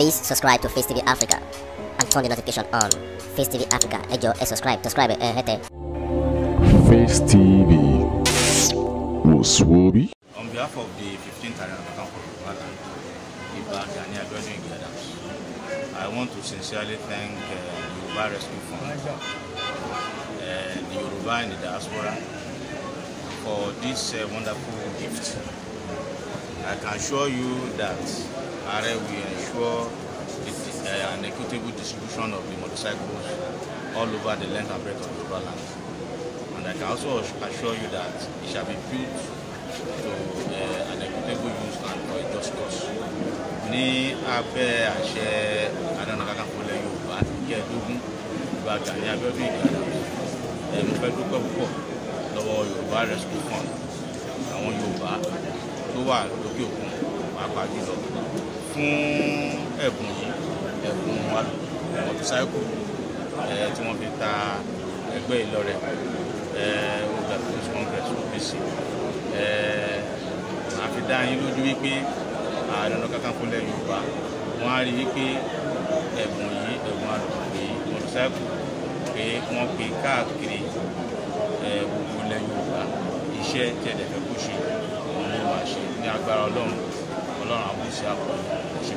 Please subscribe to Face TV Africa and turn the notification on. Face TV Africa, ejo, e subscribe, subscribe, eh, hete. Face TV. Oswobi. On behalf of the 15th Arena of and Iba Ghania Graduate Gathers, I want to sincerely thank uh, the Yoruba Rescue Fund, uh, the Yoruba in the diaspora, for this uh, wonderful gift. I can assure you that Are will ensure uh, an equitable distribution of the motorcycles all over the length and breadth of Yoruba land. And I can also assure you that it shall be built to uh, an equitable use and for a just cause. Ní abẹ́ àṣẹ Adanakakanfò ilẹ̀ Yorùbá jẹ́ ẹ̀dógún ìgbà Gani Abiodun Ìgbàdàn. Mo fẹ́ dúpẹ́ púpọ̀ lọ́wọ́ Yorùbá Rescue Fund àwọn Yorùbá tó wà lókè òkun pàápàá jùlọ fún ẹ̀bùn yìí ẹ̀bùn mọ́tòsáìkù tí wọ́n fi ta ẹgbẹ́ Ìlọrẹ ọjà people's congress OPC àfi dá yín lójú wípé Ààrẹ Ọ̀nà Kakanfò ilẹ̀ Yorùbá wọ́n á rí wípé ẹ̀bùn yìí ẹ̀bùn alùpùpù yìí mọ́tòsáìkù pé wọ́n pe káàkiri gbogbo ilẹ̀ Yorùbá iṣẹ́ tí fẹ́ kó ṣe òun ló ṣe ní agbára Ọlọ́run Ọlọ́run àbúṣe àpọ̀ ṣe.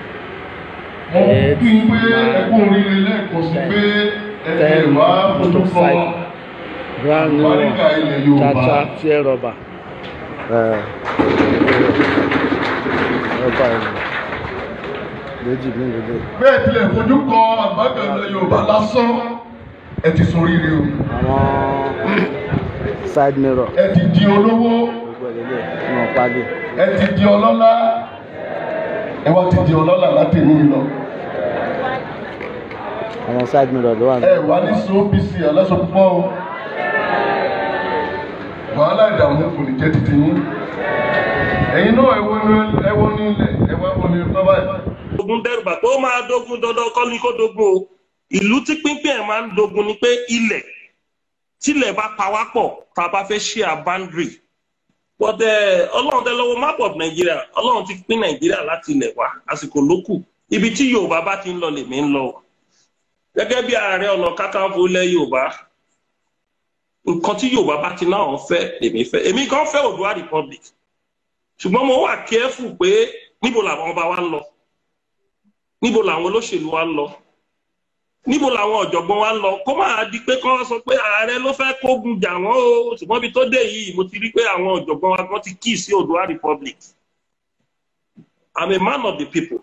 kí n pé ẹkún rí lẹ́ẹ̀kan sí pé ẹ̀jẹ̀ wá fojú kan ìparíkà ilẹ̀ Yorùbá. rọba méjì mí bẹ́ẹ̀ tilẹ̀ fojú kan àgbàdo Yorùbá lásán ẹ ti sori rí o. àwọn side mirror. ẹ ti di olówó. ẹ ti di ọlọ́lá ẹ wá ti di ọlọ́lá látẹ̀yìn lọ àwọn side mirror ló wà ní. ẹ wà ní sí OPC aláṣọ púpọ̀ o wàhálà ìdààmú kò ní jẹ́ títí yín ẹ̀yin náà ẹ̀wọ́ ní ẹ̀wọ́ ní ilẹ̀ ẹ̀wọ́ ẹ̀wọ́ ní ilẹ̀ báyìí. ogun dẹ́rùbà tó máa dogun dandan kọ́ ni kó dogun o ìlú tí pínpín ẹ̀ máa ń dogun ni pé ilẹ̀ tílẹ̀ bá pawápọ̀ tá a bá fẹ́ ṣe àbáńdìrì wọ́dẹ ọlọ́run tẹ lọ́wọ́ map of nàìjíríà ọlọ́run ti pín nàìjíríà láti ilẹ̀ wá àsìkò ló kù ibi tí yorùbá bá ti ń lọ lèmi ń lọ gẹ́gẹ́ bí ààrẹ ọ̀nà kákàǹfò ilẹ̀ yorùbá nǹkan tí yorùbá bá ti náà fẹ́ èmi fẹ́ èmi kan fẹ́ Oòduà republic ṣùgbọ́n mo wà kẹ́ẹ̀fù pé níbo làwọn ọba wa ń lọ níbo làwọn olóṣèlú wa ń lọ níbo làwọn ọ̀jọ̀gbọ́n wa ń lọ kó máa di pé kán sọ pé ààrẹ ló fẹ́ kógun jà wọ́n o ṣùgbọ́n ibi tó dé yìí mo ti rí pé àwọn ọ̀jọ̀gbọ́n wa kan ti kí sí Oòduà republic I'm a man of the people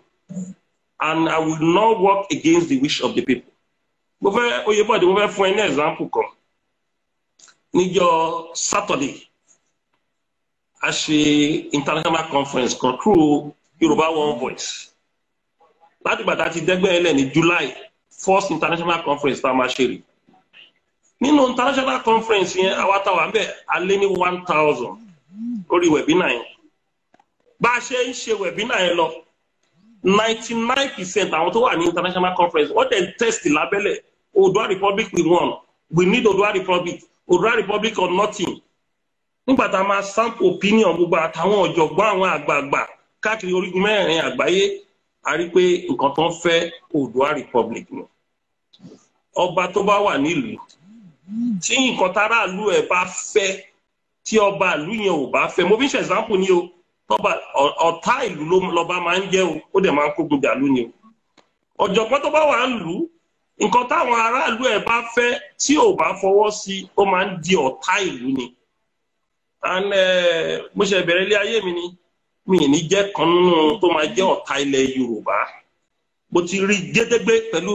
and I will not work against the wish of the people mo oye Oyèbọ̀dé mo fẹ́ fún ẹ ní ẹ̀zámpù kan níjọ́ Saturday a ṣe international conference kan through Yorùbá One Voice láti gbàtà ti dẹ́gbẹ́ ẹlẹ́ ní July first international conference tá a máa ṣe rí nínú international conference yẹn àwa táwa ń bẹ̀ a ní one thousand lórí wẹ̀bínà yẹn bá a ṣe ń ṣe wẹ̀bínà yẹn lọ ninety nine percent àwọn tó wà ní international conference wọ́n dẹ̀ ń test lábẹ́lẹ̀ Odua Republic we won. We need Odua Republic. Odua Republic or nothing. Nígbà tá a máa sample opinion gbogbo àtàwọn ọ̀jọ̀gbọ́n àwọn àgbààgbà káàkiri orígun mẹ́rin àgbáyé a rí pé nǹkan tó ń fẹ́ Odua Republic ni. Ọba tó bá wà nílùú tí nǹkan táráàlú ẹ̀ bá fẹ́ tí ọba ìlú yẹn ò bá fẹ́ mo fi ń ṣe example ni o tọba ọ̀tá ìlú lọ́ba máa ń jẹ́ o ó dẹ̀ máa ń kógun dàlú ni o ọ̀jọ̀gbọ́n tó bá wà ń lù nǹkan táwọn aráàlú ẹ̀ bá fẹ́ tí ò bá fọwọ́ sí ó máa ń di ọ̀tá ìlú ni and eh, mo ṣe bẹ̀rẹ̀ ilé ayé mi ni mi ì ní jẹ́ kan nínú tó máa jẹ́ ọ̀tá ilẹ̀ Yorùbá mo ti rí gédégbé pẹ̀lú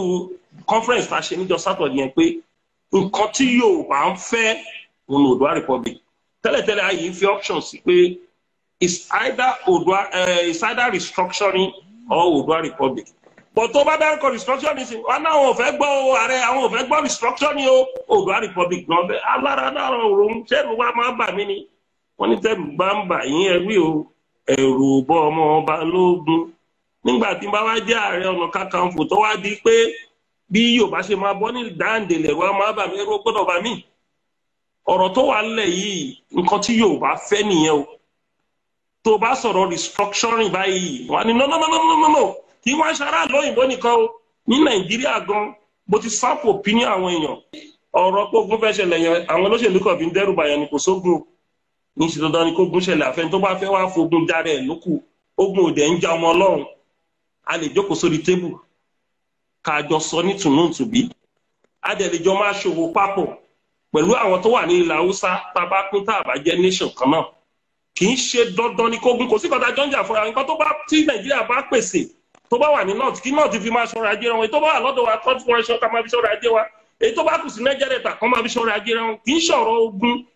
conference tá a ṣe níjọ́ Saturday yẹn pé nǹkan tí Yorùbá ń fẹ́ òun ni Republic tẹ́lẹ̀tẹ́lẹ̀ ayé fi option sí pé it's either Oòduà uh, it's either restructuring or Oòduà Republic bọ̀ tó bá dárúkọ restructuring wọn náà wọn ò fẹ́ gbọ́ o ààrẹ àwọn ò fẹ́ gbọ́ restructuring o Oòduà republic náà bẹ́ẹ̀ alára náà òun tẹ́lu wa máa bà mí ni wọ́n ní tẹ́lu bá ń bà yín ẹ̀rí o ẹ̀rù bọ́ ọmọ ọba lógun nígbà tí bá wá jẹ́ ààrẹ ọ̀nà kakanfò tó wá di pé bí Yorùbá ṣe máa bọ́ ní dáǹdè lẹ̀rù wa máa bà mí ẹ̀rù gbọ́dọ̀ bà mí ọ̀rọ̀ tó wà nílẹ̀ yìí nǹkan tí Yorùbá fẹ́ nìyẹn o tó bá sọ̀rọ̀ restructuring báyìí wọ́n á ní no no no no no no kì í wá ṣaráàlú òyìnbó nìkan o ní nàìjíríà gan bó ti sápò opinion àwọn èèyàn ọ̀rọ̀ pé ogun fẹ́ ṣẹlẹ̀ yẹn àwọn olóṣèlú kan fi ń dẹ́rù bàyàn ni kò sógun ní ṣe dandan ni kó gun ṣẹlẹ̀ àfẹn tó bá fẹ́ wá fogun dára ẹ̀ lókù ogun òdẹ̀ ń já ọmọ ọlọ́run a lè jókòó sórí tébù ká jọ sọ ní tùnúntùbí a dẹ̀ lè jọ máa ṣòwò papọ̀ pẹ̀lú àwọn tó wà ní ilà haúsá tá tá a bá jẹ́ nation kan náà kì í ṣe dandan ni kógun kò sí kọ́ta jọ́njà fúnra nǹkan tó bá tí nàìjíríà bá pèsè tó bá wà ní north kí north fi máa ṣọ́ra ajé wọn èyí tó bá wà lọ́dọ̀ wa kọ́ tí wọ́n ṣọ́ ká máa fi ṣọ́ra ajé wa èyí tó bá kù sí niger delta kọ́ máa fi ṣọ́ra ajé wọn kì í ṣọ̀rọ̀ ogun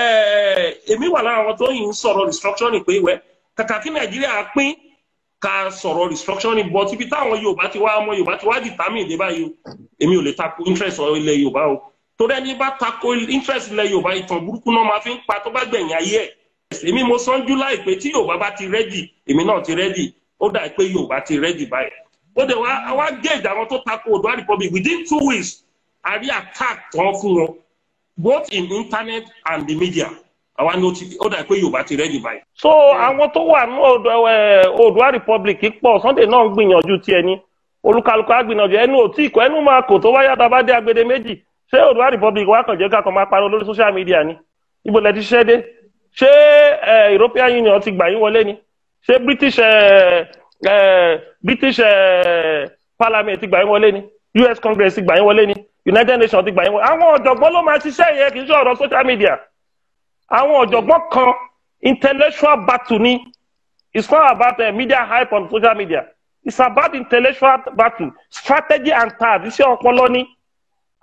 eh, èmi wà lára àwọn tó yìí ń sọ̀rọ̀ restructuring pé wẹ́ kàkà kí nàìjíríà pín ká sọ̀rọ̀ restructuring bọ́ tíbi táwọn yorùbá ti wá ọmọ yorùbá ti wá determine dé báyìí o èmi ò lè tako interest ilẹ̀ yorùbá o torí ẹni bá tako interest ilẹ̀ yorùbá ìtàn burúkú náà máa fi ń pa tó bá gbẹ̀yìn ayé ẹ̀ èmi mo sọ ń tí yorùbá bá ti rẹ́dì èmi náà ti rẹ́dì ó dà pé yorùbá ti rẹ́dì báyìí ó dẹ̀ wá wá géèjì àwọn tó tako Oòduà Republic within two weeks a rí attack tán fún wọn both in internet and the media àwa ni ó dà pé yorùbá ti rẹ́dì báyìí. so àwọn tó wà ní Oòduà Republic pọ̀ Sunday náà ń gbìyànjú tiẹ̀ ní olúkálùkù àgbìyànjú ẹnu ò tí ì kọ́ ẹnu máa kò tó wáyà tá a bá dé agbede méjì ṣé Oòduà Republic wá kàn jẹ́ ká kàn máa pariwo lórí social media ni ibo lẹ ti ṣẹ́ dé ṣé European Union ti gbà yín wọlé ni ṣé British eh, eh, British eh, Parliament ti gbà yín wọlé ni US Congress ti gbà yín wọlé ni United Nations ti gbà yín wọlé àwọn ọ̀jọ̀gbọ́n ló máa ṣiṣẹ́ yẹn kì í ṣe ọ̀rọ̀ social media àwọn ọ̀jọ̀gbọ́n kan intellectual battle ni it's not about uh, media hype on social media it's about intellectual battle strategy and task iṣẹ́ ọpọlọ ni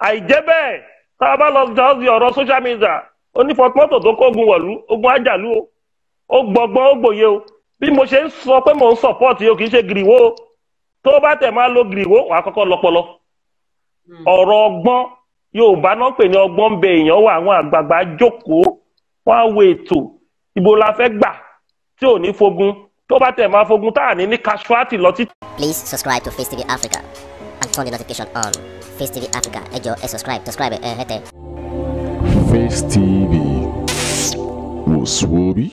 àìjẹ́ bẹ́ẹ̀ tá a bá lọ jọ́sí ọ̀rọ̀ social media onífọ̀tmọ́tò tó kó ogun wọ̀lú ogun ajalu o ó gbọ́gbọ́n ó gbòye o bí mo ṣe ń sọ pé mò ń support yìí kì í ṣe gìrìwó tó bá tẹ̀ máa lo gìrìwó wà á kọ́kọ́ lọ́pọlọ hmm. ọ̀rọ̀ ọgbọ́n Yorùbá náà pè ní ọgbọ́n ń bẹ èèyàn wà àwọn àgbààgbà jókòó wọn á wo ètò ibo la fẹ́ gbà tí ò ní fogun tó bá tẹ̀ máa fogun tá à ní ní casualty lọ títí. Please subscribe to Face TV Africa and turn the notification on Face TV Africa ẹ jọ̀ọ́ ẹ subscribe subscribe ẹ hẹtẹ. Face TV wò sùn orí.